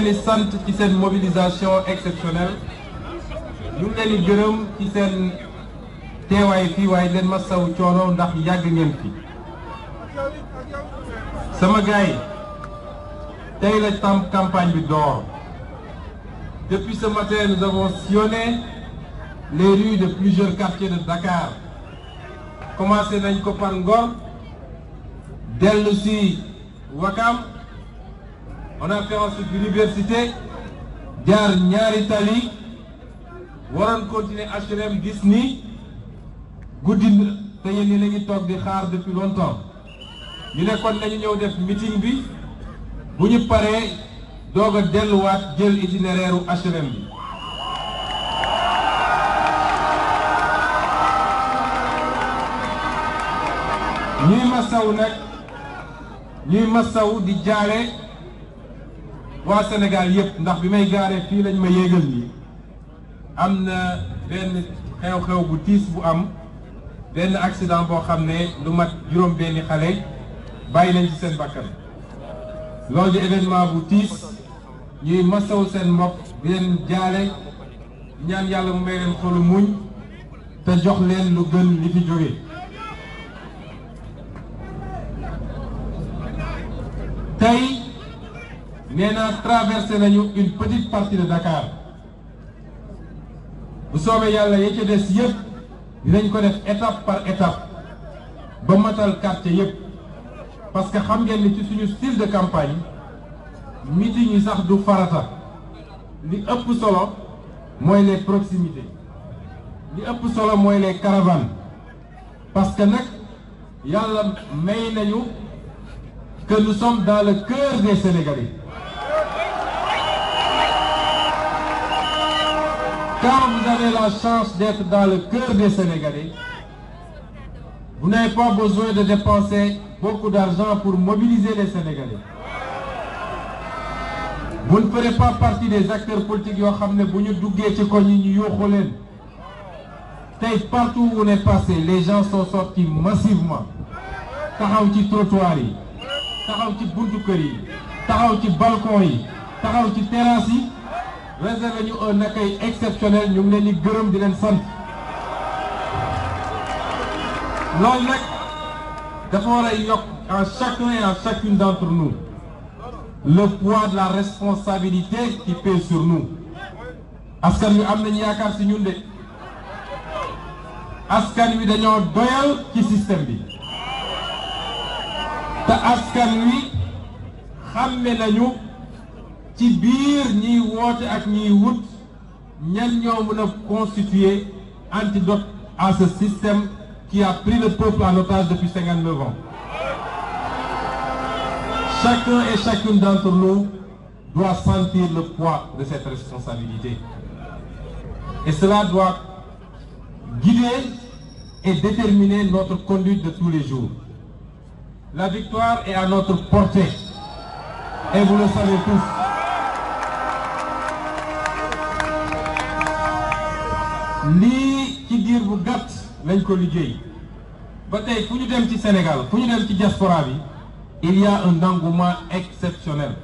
les centres qui ci une mobilisation exceptionnelle nous sommes les di qui ci seen teewaay ma saw coono ndax yàgg ngeen sama gars la campagne d'or depuis ce matin nous avons sillonné les rues de plusieurs quartiers de Dakar commencé dans ko par Ngor dellu Wakam on a fait ensuite l'université jaar ñaari tali waroon continuer HLM gis ni guddi te yéen ñi la ñu toog di xaar depuis longtemps ñu ne nañu ñëw def meeting bi bu ñu paree dooga delluwaat jël itinéraire u HLM bi. ñuy masaw nag ñuy masaw di jaale. waa Sénégal yëpp ndax bi may gaaree fii lañ ma yéegal nii am na benn xew-xew bu tiis bu am benn accident boo xam ne lu mat juróom benni xale bàyyi nañ ci seen bakkan loolu di événement bu tiis ñuy masaw seen mbokk di leen jaale ñaan yàlla mu may leen xolu muñ te jox leen lu gën li fi jóge Nous avons traversé nañu une petite partie de Dakar bu sommes yàlla ya ca des yëpp dinañ ko def étape par étape ba matal quartier yépp parce que xam ngeen ni ci suñu style de campagne meeting yi sax du farata li ëpp solo mooy les proximités li ëpp solo mooy les caravanes parce que nag yàlla may nañu que nous sommes dans le cœur des Sénégalais quand vous avez la chance d'être dans le cœur des Sénégalais, vous n'avez pas besoin de dépenser beaucoup d'argent pour mobiliser les Sénégalais. Vous ne ferez pas partie des acteurs politiques qui ont Partout où on est passé, les gens sont sortis massivement. taxaw ci trottoir réservé nous un accueil exceptionnel nous ngi leen di gërëm di leen sant loolu chacun et à chacune d'entre nous le poids de la responsabilité qui pèse sur nous askan wi que à yaakaar ci ñun de askan nous qui doyal qui système bi un askan qui nous Tibir biir ni woote ak ni wut ñan ñoo mën antidote à ce système qui a pris le peuple en otage depuis 59 ans. Chacun et chacune d'entre nous doit sentir le poids de cette responsabilité. Et cela doit guider et déterminer notre conduite de tous les jours. La victoire est à notre portée. Et vous le savez tous. li ci dit bu gàtt lañ ko liggéey ba tey fu ñu dem ci Sénégal fu ñu dem ci diaspora bi il y a un engouement exceptionnel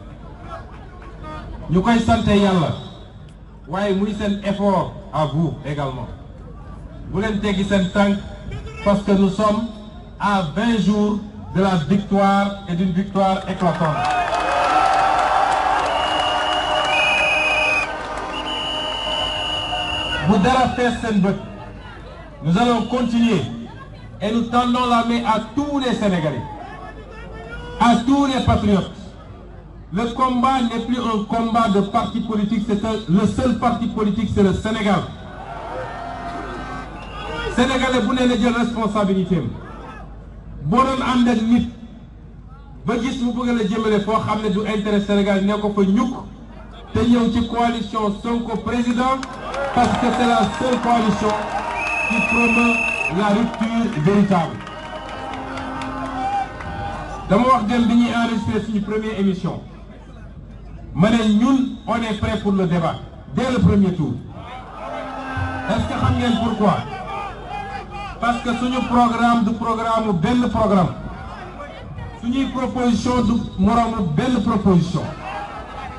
ñu koy sante yàlla waaye muy seen effort à vous également bu leen teggi seen tànk parce que nous sommes à 20 jours de la victoire et d'une victoire éclatante nous allons continuer et nous tendons la main à tous les Sénégalais à tous les patriotes le combat n'est plus un combat de parti politique c'est le seul parti politique c'est le Sénégal Sénégalais vous n'avez pas de responsabilité président parce que c'est la seule coalition qui promeut la rupture véritable. dama wax jël li ñuy enregistré une première émission Nous nous, on est prêt pour le débat dès le premier tour est-ce que xam ngeen pourquoi parce que suñu programme du programme belle programme suñuy proposition du moroomu belle proposition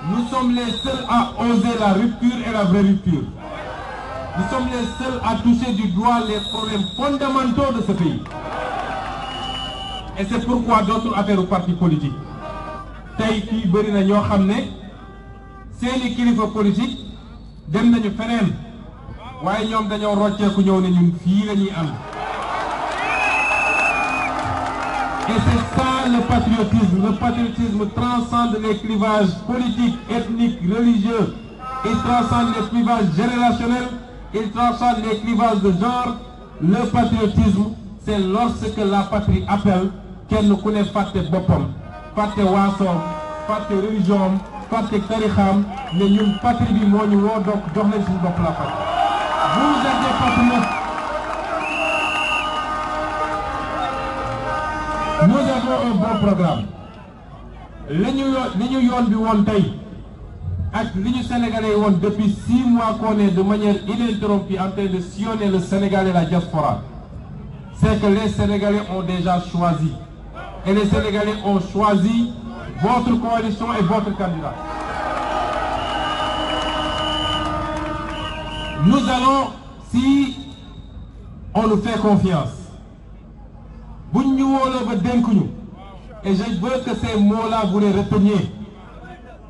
nous sommes les seuls à oser la rupture et la vraie rupture nous sommes les seuls à toucher du doigt les problèmes fondamentaux de ce pays. Et c'est pourquoi d'autres affaires au parti politique. Taïki, fii bëri na l'équilibre politique Et c'est ça le patriotisme. Le patriotisme transcende les clivages politiques, ethniques, religieux. Il transcende les clivages générationnels il transcende les clivages de genre. Le patriotisme, c'est lorsque la patrie appelle qu'elle ne connaît pas tes bopom, pas tes wasom, pas tes religions, pas tes tariham, mais une patrie du monde, donc dormez sur la patrie. Vous êtes des patriotes. Nous avons un bon programme. Les New York, les New York, avec l'Union sénégalais depuis six mois qu'on est de manière ininterrompue en train de sionner le Sénégal et la diaspora c'est que les Sénégalais ont déjà choisi et les Sénégalais ont choisi votre coalition et votre candidat nous allons si on nous fait confiance et je veux que ces mots-là vous les reteniez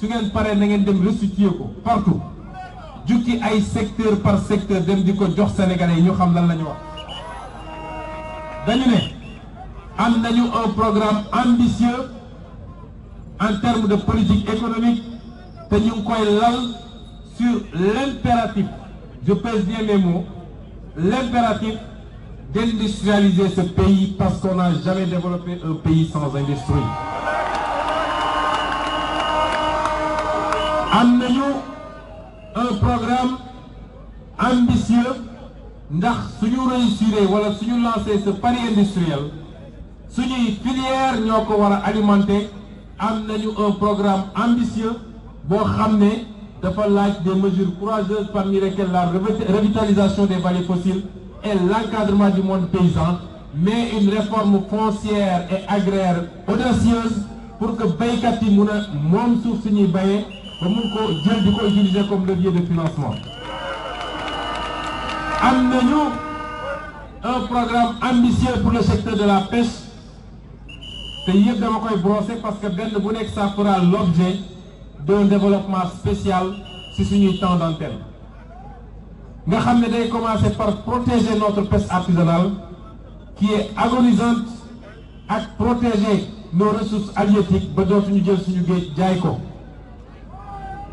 Ce paré, paree na ngeen dem restituer ko partout djukki ay secteur par secteur dem diko sénégalais ñu xam lan wax dañu un programme ambitieux en termes de politique économique Nous ñu sur l'impératif je pèse bien mes mots l'impératif d'industrialiser ce pays parce qu'on n'a jamais développé un pays sans industrie amenu un programme ambitieux ndax suñu réussiré wala suñu lancer ce pari industriel suñu filière ñoko wara alimenter un programme ambitieux pour xamné dafa des mesures courageuses parmi lesquelles la revitalisation des vallées fossiles et l'encadrement du monde paysan mais une réforme foncière et agraire audacieuse pour que béykat yi mun pour mun ko comme levier de financement am un programme ambitieux pour le secteur de la pêche C'est de dama koy brosser parce que Ben bu ça fera l'objet d'un développement spécial si n'est temps d'antenne nga xam ne commencer par protéger notre pêche artisanale qui est agonisante à protéger nos ressources halieutiques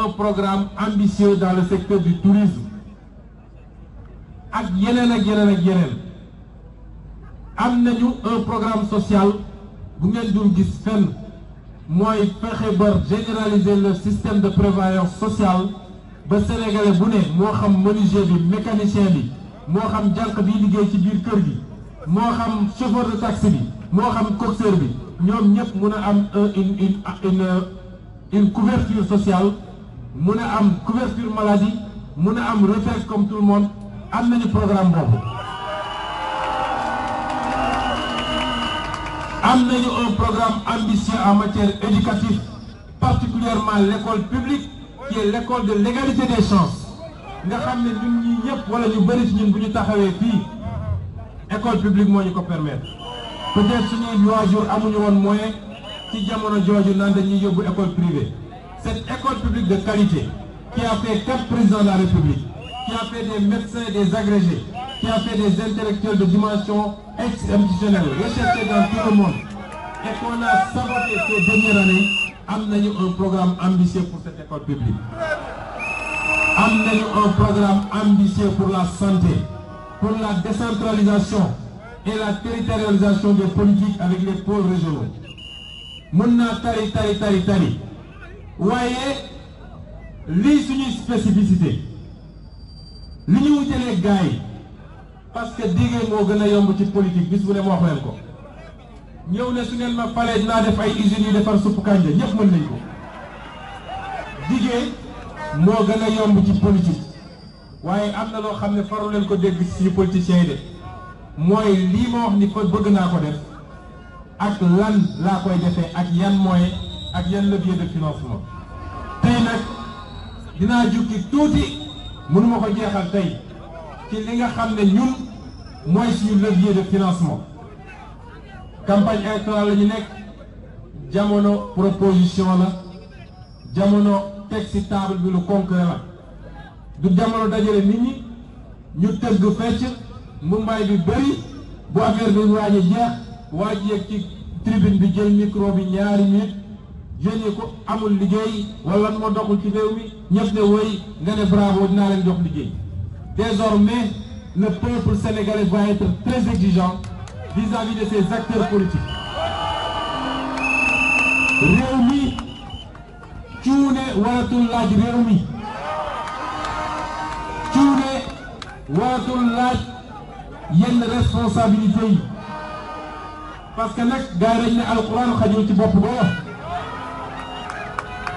un programme ambitieux dans le secteur du tourisme ak et et un programme social bu ngeen dul gis fenn généraliser le système de prévoyance sociale ba sénégalais Je ne moo xam menuisier mécanicien je suis xam jànq bi ci chauffeur de taxi je suis xam coxeur nous avons une couverture sociale mën a am couverture maladie mën a am retraite comme tout le monde am un programme boobu. am nañu un programme ambitieux en matière éducative particulièrement l'école publique qui est l'école de l'égalité des chances nga xam ne ñun ñii ñëpp wala ñu bëri ci ñun bu ñu taxawee école publique moo ko permettre peut-être ce waajur amuñu woon moyen ci jamono jooju naan dañuy yóbbu école privée cette école publique de qualité qui a fait quatre présidents de la République, qui a fait des médecins et des agrégés, qui a fait des intellectuels de dimension exceptionnelle, recherchés dans tout le monde, et qu'on a saboté ces dernières années, amené un programme ambitieux pour cette école publique. nous un programme ambitieux pour la santé, pour la décentralisation et la territorialisation des politiques avec les pôles régionaux. Mouna tari tari tari tari. waaye lii suñuy spécificité li ñu wutalee gars yi parce que diggee moo gën a yomb ci politique bis bu ne ma wax leen ko ñëw ne su ngeen ma pare dinaa def ay usines yu defar supp kànja ñëpp mën nañ ko diggee moo gën a yomb ci politique waaye am na loo xam ne faru leen ko dégg si politiciens yi de mooy lii ma wax ni ko bëgg naa ko def ak lan laa koy defee ak yan moyen ak yenn levier de financement tey nag dinaa jukki tuuti mënuma ko jeexal tey ci li nga xam ne ñun mooy suñu levier de financement campagne électorale la ñu nekk jamono proposition la jamono teg ci table bi lu concret la du jamono dajale nit ñi ñu tëgg fecc mu bi bëri bu affaire bi waaj jeex waaj yëg ci tribune bi jël micro bi ñaari minutes Je ko amul liggéey wala doxul ci ne bravo désormais le peuple sénégalais va être très exigeant vis-à-vis de ses acteurs politiques réew mi cuune waratul laaj réew yenn responsabilité parce que nag gars dañ ne alquran ci bopp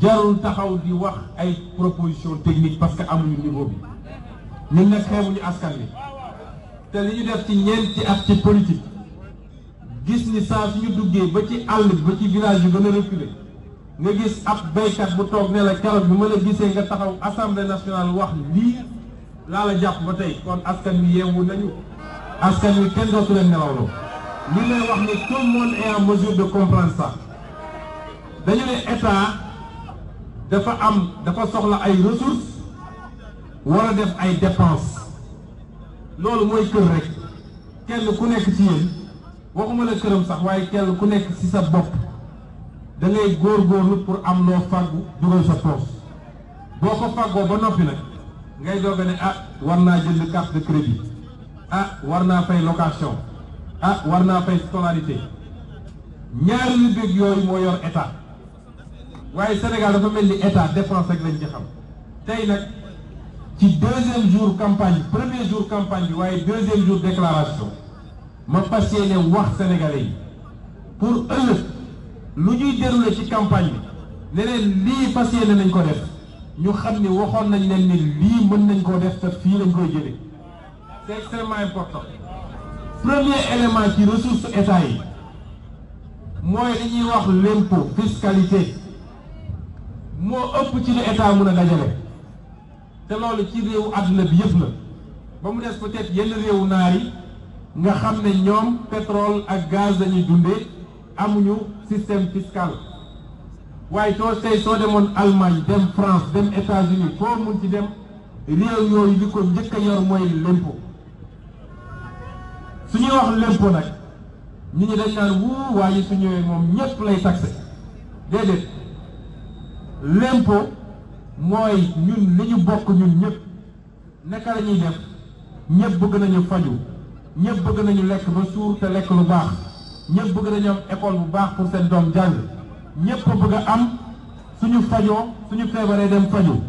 jarul taxaw di wax ay proposition technique parce que amuñu niveau bi ñun nag xeebuñu askan bi te li ñu def ci ñeenti at ci politique gis ni saa ñu duggee ba ci àll bi ba ci village yu gën a reculé nga gis ab béykat bu toog ne la keroog bi ma la gisee nga taxaw assemblée nationale wax lii laa la jàpp ba tey kon askan wi yeewu nañu askan wi kenn dootu leen nelawloo li lay wax ne tout le mesure de comprendre sax dañu ne état dafa am dafa soxla ay ressources war a def ay dépenses loolu mooy kër rek kenn ku nekk ci yéen waxuma la këram sax waaye kenn ku nekk ci sa bopp da góor góorgóorlu pour am loo fàggu dugal sa poos boo ko fàggoo ba noppi nag ngay dooga ne ah war naa jënd carte de crédit ah war naa fay location ah war naa fay scolarité ñaari yu bëgg yooyu moo yor état le Sénégal dafa mel ni de défense avec les ci xam deuxième jour campagne premier jour campagne le deuxième jour déclaration je passé les wax sénégalais pour eux, lu ñuy déroulé cette campagne bi ne passé lii fas yéene nañ ko def ñu xam ni waxoon nañ leen ni lii mën def c'est extrêmement important premier élément ci ressource état yi mooy li wax fiscalité moo ëpp ci lu état mën a dajale te loolu ci réewu àdduna bi yëpp la ba mu des ko être yenn réewu naar yi nga xam ne ñoom pétrole ak gaz lañuy dundee amuñu système fiscal waaye soo tey soo demoon Allemagne dem France dem États-Unis foo mun ci dem réew yooyu li ko njëkk a yor mooy l'impôt su ñuy wax l'impôt nag ñu ñu dañ naan wuu waaye su ñëwee moom ñëpp lay taxé déedéet l'impôt mooy ñun li ñu bokk ñun ñëpp naka la ñuy def ñëpp bëgg nañu faju ñëpp bëgg nañu lekk ba suur te lekk lu baax ñëpp bëgg nañu am école bu baax pour seen doom jàng ñëpp bëgg am suñu fajoo suñu feebaree dem faju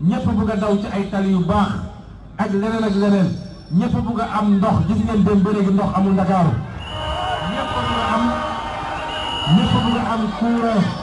ñëpp bëgg a daw ci ay tali yu baax ak leneen ak leneen ñëpp bëgg a am ndox gis ngeen dem ba léegi ndox amul Ndakaaru ñëpp bëgg a am ñëpp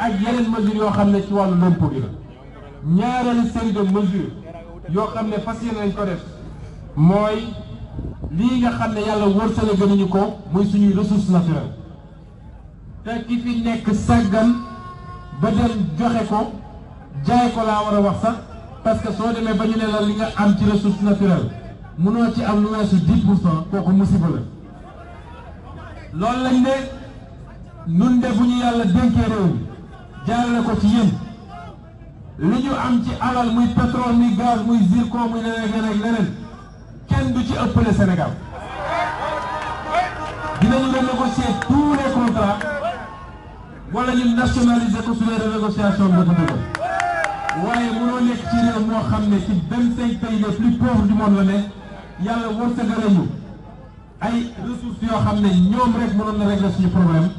ak yeneen mesures yoo xam ne ci wàllu l'impôt bi la ñaareel série de mesures yoo xam ne fas yéene nañ ko def mooy lii nga xam ne yàlla wërsële gënuñu ko muy suñuy ressources naturel te ki fi nekk sàggan ba dem joxe ko jaay ko laa war a wax sax parce que soo demee ba ñu ne la li nga am ci ressource naturelles munoo ci am lu weesu 10 pour cent kooku musiba la loolu lañ ne nun de bu ñu yàlla dénkee réew mi jaarale ko ci yéen li ñu am ci alal muy pétrole muy gaz muy zircon muy leneen leneen kenn du ci ëppale Sénégal dinañu renégocier tous les contrats wala ñu nationaliser ko sur les renégociations motuduko waaye mënoo nekk ci réew moo xam ne ci vingt cinq pays les plus pauvres du monde la ne yàlla wërsëgale ñu ay ressources yoo xam ne ñoom rek mënoon na régler suñu problème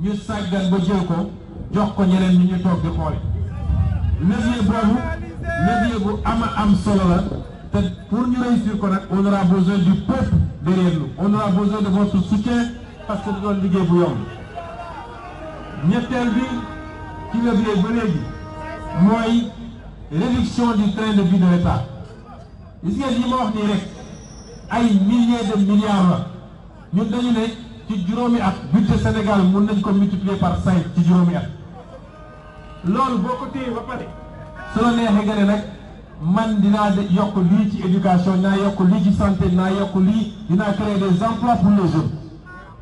ñu sàggan ba jël ko jox ko ñeneen ñi ñu toog di xoole levier boobu levier bu ama am solo la te pour ñu réussir ko nag on aura besoin du peuple derrière nous on aura besoin de votre soutien parce que doon liggéey bu yomb ñetteel bi ci levier ba léegi mooy réduction du train de vie de l'État gis ngeen li ma wax nii rek ay milliers de milliards la ñun dañu ne ci juróomi at budget Sénégal mën nañ ko multiplier par cinq ci juróomi at loolu boo ko téye ba pare soo la neexee nga ne nag man dinaa yokk lii ci éducation dinaa yokk lii ci santé dinaa yokk lii dinaa créer des emplois pour les jeunes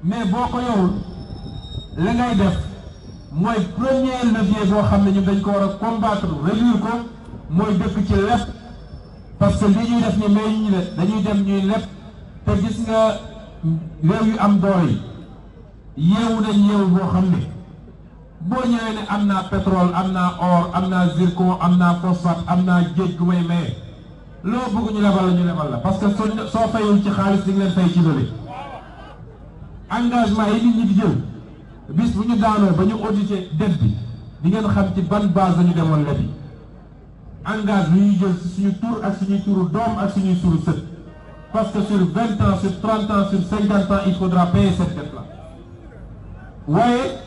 mais boo ko yorul la ngay def mooy premier levier boo xam ne ñun dañ ko war a combattre réduire ko mooy dëkk ci leb parce que li ñuy def ni mais ñu ne dañuy dem ñuy leb te gis nga réew yi am doole yi yeewu nañ yeewu boo xam ne. boo ñëwee ne am naa pétrole am naa or am naa zircon am naa phosphate am naa géej gu may maye loo bëgg ñu lebal la ñu lebal la parce que soo soo fayul ci xaalis di nga leen fay ci loolu engagement yi nit ñi bis bu ñu daanoo ba ñu audité dette bi di ngeen xam ci ban base la ñu demoon lebi engagement yi ñu jël ci suñu tur ak suñuy turu doom ak suñuy turu sët parce que sur vingt ans sur trente ans sur cinquante ans il faudra payer cette dette là waaye.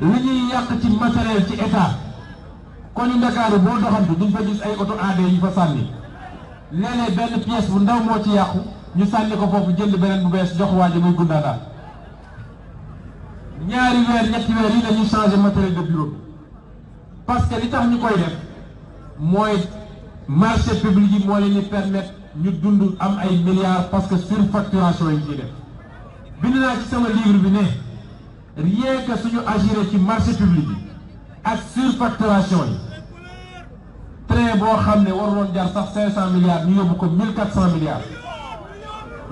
li ñuy yàq ci matériel ci état kon ñu Ndakaaru boo doxantu duñ fa gis ay oto aade yu fa sànni léeg-léeg benn pièce bu ndaw moo ci yàqu ñu sànni ko foofu jënd beneen bu bees jox waa ji muy gundaanaan ñaari weer ñetti weer yi la ñuy changé matériel de bureau parce que li tax ñu koy def mooy marché public yi moo leen di permettre ñu dund am ay milliards parce que surfacturation yi ñuy def bind naa ci sama livre bi ne. rien que si nous agirons sur le marché public, la surfacturation, très bon, nous avons 500 milliards, nous de 1400 milliards.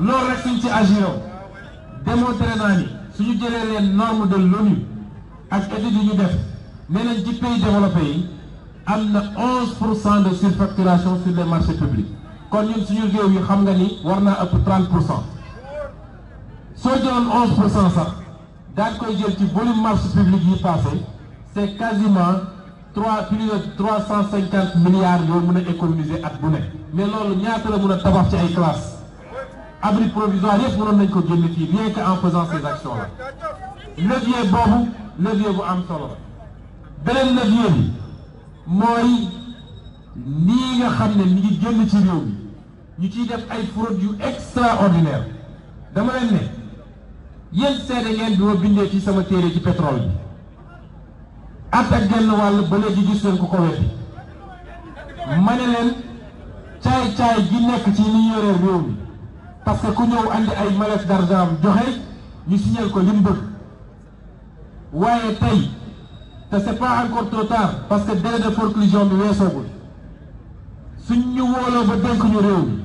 Lorsque nous devons agir, démontrer nous, si nous avons les normes de l'ONU, avec les que nous Mais les pays développés, nous avons 11% de surfacturation sur les marchés publics. Quand nous devons dire que nous devons 30%. Si nous devons 11%, daal koy jël ci volume marché public yi passé c'est quasiment 3 plus de trois milliards yoo mën a économiser at bu ne mais loolu ñaata la mën a tabax ci ay classes abri provisoire yëpp mënoon nañ ko génn fii rien que en faisant ces actions là levier boobu levier bu am solo beneen levier bi mooy nii nga xam ne mi ngi génn ci réew mi ñu ciy def ay fraudes yu extraordinaire dama leen ne yéen seede ngeen bi ma bindee ci sama téere ci pétrole bi at ak genn wàll ba léegi gis ngeen ko ko ma ne leen caay caay gi nekk ci ni yore réew mi parce que ku ñëw andi ay mallette bu joxe ñu signal ko li mu bëgg waaye tey te c'est pas encore trop tard parce que délai de forclusion bi weesoogul suñ ñu wóoloo ba dénk ñu réew mi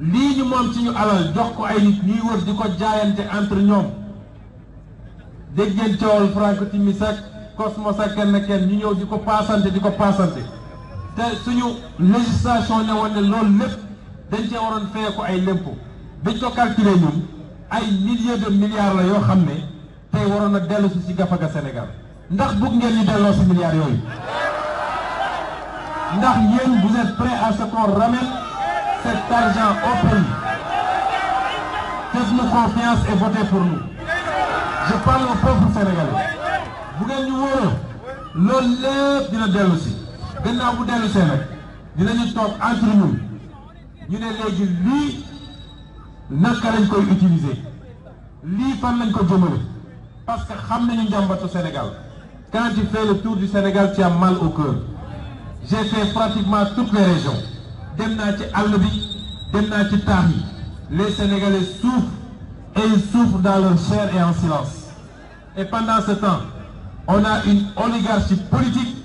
lii ñu moom ci ñu alal jox ko ay nit ñuy wër di ko jaayante entre ñoom dégg ngeen coowal Frank Timis ak Cosmos ak kenn kenn ñu ñëw di ko paasante di ko paasante te suñu législation ne woon ne loolu lépp dañ cee waroon feye ko ay lémpo biñ ko calculé ñun ay milliers de milliards la yoo xam ne tey waroon a dellu si ci gafaga Sénégal ndax bëgg ngeen ñu delloo si milliards yooyu ndax yéen vous êtes prêts à ce qu'on cet argent au pays. Faites-nous confiance et votez pour nous. Je parle au peuple sénégalais. vous ngeen ñu voir de la dina dellu Vous le bu de Vous avez nous entre nous Vous avez léegi lii lañ utiliser Lui, que lañ ko jëmale parce que nous sommes au Sénégal quand tu fais le tour du Sénégal tu as mal au cœur j'ai fait pratiquement toutes les régions les Sénégalais souffrent et ils souffrent dans leur chair et en silence. Et pendant ce temps, on a une oligarchie politique,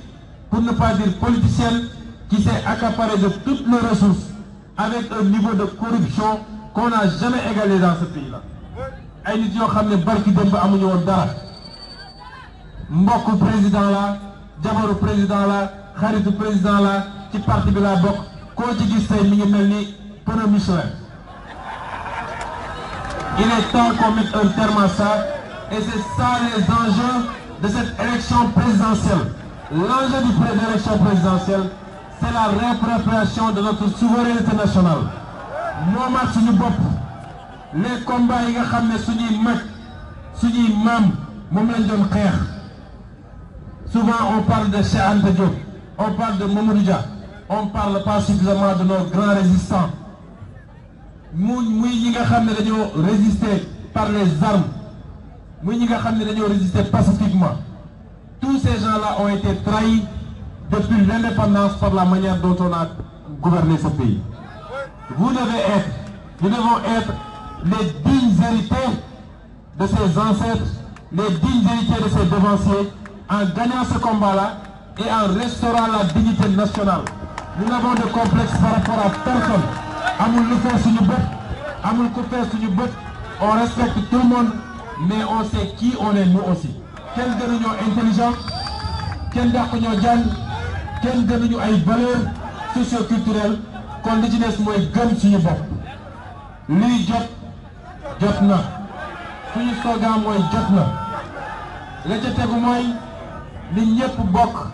pour ne pas dire politicienne, qui s'est accaparée de toutes les ressources avec un niveau de corruption qu'on n'a jamais égalé dans ce pays-là. ay président président la président là ci parti bi la bokk il est temps qu'on mette un terme à ça et c'est ça les enjeux de cette élection présidentielle l'enjeu du de l'élection présidentielle c'est la réappropriation de notre souveraineté nationale moomaat suñu bop les combats yi nga xam ne suñuy mag suñuy mam souvent on parle de Cheikh Ante Diop on parle de Mamadou on ne parle pas suffisamment de nos grands résistants Nous muy par les armes Nous ñi nga pacifiquement tous ces gens-là ont été trahis depuis l'indépendance par la manière dont on a gouverné ce pays vous devez être nous devons être les dignes héritiers de ces ancêtres les dignes héritiers de ces devanciers en gagnant ce combat-là et en restaurant la dignité nationale nous n'avons de complexe par rapport à personne amul lu fees suñu bët amul suñu bët on respecte tout le monde mais on sait qui on est nous aussi kenn gënuñoo intelligent kenn dàquñoo jàng kenn gënuñu ay valeur socioculturelles kon li ci des mooy gëm suñu bopp luy jot jot na suñu slogan mooy jot na la ca tegu mooy li ñëpp Bok,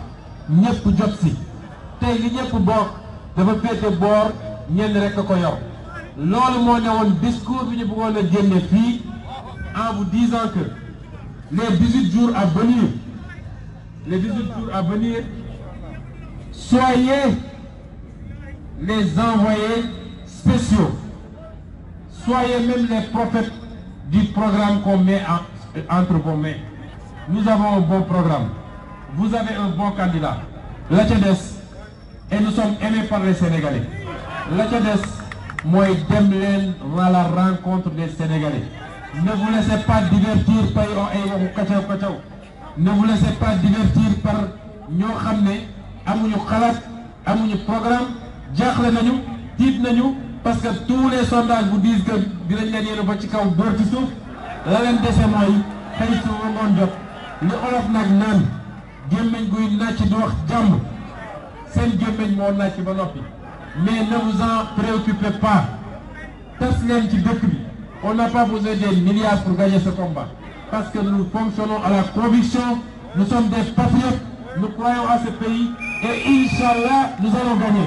ñëpp jot tey li ñëpp bok dafa pété bor ñenn rek ko yor loolu mo ñewon discours bi ñu en vous disant que les 18 jours à venir les 18 jours à venir soyez les envoyés spéciaux soyez même les prophètes du programme qu'on met entre vos mains nous avons un bon programme vous avez un bon candidat la tienne et nous sommes aimés par les Sénégalais la ca moi, mooy dem à la rencontre des Sénégalais ne vous laissez pas divertir par ay waxu kacaw kacaw ne vous laissez pas divertir par ñoo xam ne amuñu xalaat amuñu programme jaaxle nañu dit nañu parce que tous les sondages vous disent que dinañ leen yéen ba ci kaw góor ci la leen dese mooy xëy su bon job. li olof nag naan gémmiñ du wax mais ne vous en préoccupez pas Personne on n'a pas besoin des milliards pour gagner ce combat parce que nous fonctionnons à la conviction nous sommes des patriotes nous croyons à ce pays et Inch'Allah nous allons gagner